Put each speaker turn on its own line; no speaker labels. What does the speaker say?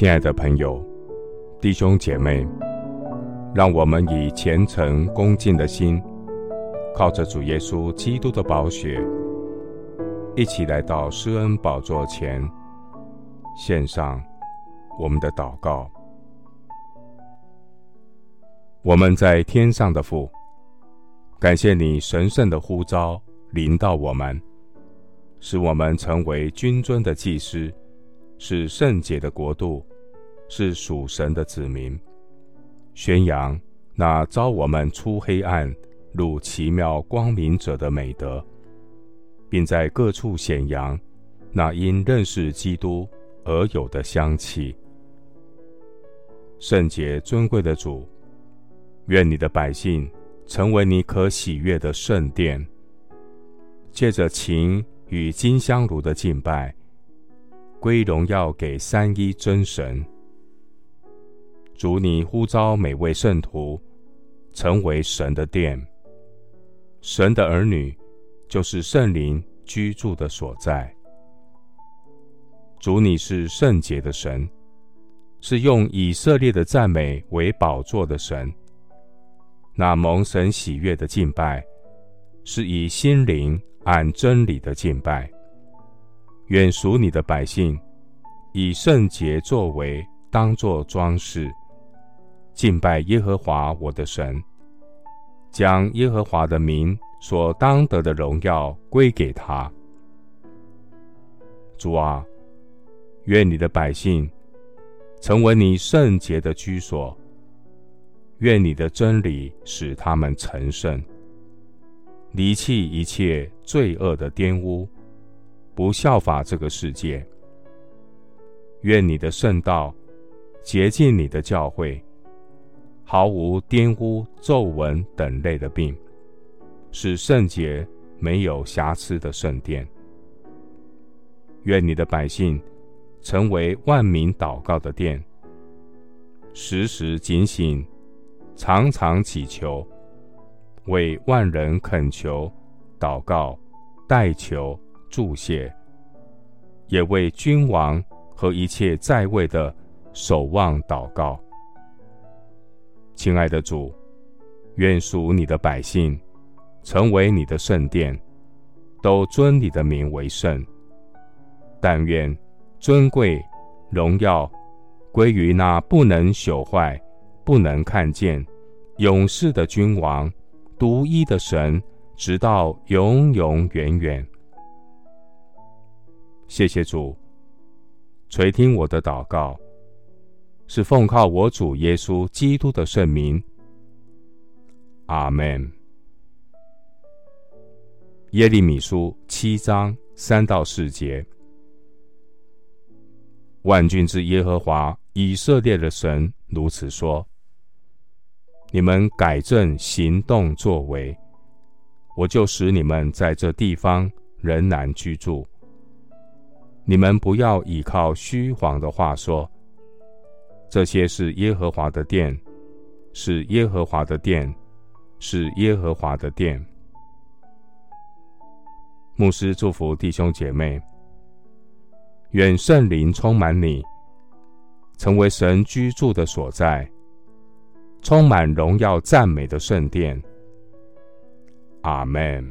親愛的朋友、弟兄姐妹，讓我們以虔誠恭敬的心，靠着主耶穌基督的寶血，一起來到施恩寶座前，獻上我們的禱告。我們在天上的父，感謝你神聖的呼召臨到我們，使我們成為君尊的祭司。是聖潔的國度，是屬神的子民，宣揚那召我們出黑暗、入奇妙光明者的美德，並在各處顯揚那因認識基督而有的香氣。聖潔尊貴的主，願你的百姓成為你可喜悅的聖殿，借着琴與金香爐的敬拜。歸榮耀給三一真神。主你呼召每位聖徒成為神的殿，神的兒女就是聖靈居住的所在。主你是聖潔的神，是用以色列的讚美為寶座的神。那蒙神喜悅的敬拜，是以心靈按真理的敬拜。願屬你的百姓以聖潔作為當做裝飾，敬拜耶和華我的神，將耶和華的名所當得的榮耀歸給他。主啊，願你的百姓成為你聖潔的居所，願你的真理使他們成聖，離棄一切罪惡的玷污。不效法這個世界。願你的聖道潔淨你的教會，毫無玷污、皺紋等類的病，使聖潔沒有瑕疵的聖殿。願你的百姓成為萬民禱告的殿，時時警醒，常常祈求，為萬人懇求、禱告、代求。祝謝，也為君王和一切在位的守望禱告。親愛的主，願屬你的百姓成為你的聖殿，都尊你的名為聖。但願尊貴榮耀歸於那不能朽壞、不能看見、永世的君王、獨一的神，直到永永遠遠。謝謝主垂聽我的禱告，是奉靠我主耶穌基督的聖名。阿門。耶利米書七章三到四節，萬軍之耶和華以色列的神如此說：你們改正行動作為，我就使你們在這地方仍然居住。你們不要倚靠虛謊的話說這些是耶和華的殿，是耶和華的殿，是耶和華的殿。牧師祝福弟兄姐妹，願聖靈充滿你，成為神居住的所在，充滿榮耀讚美的聖殿。阿門。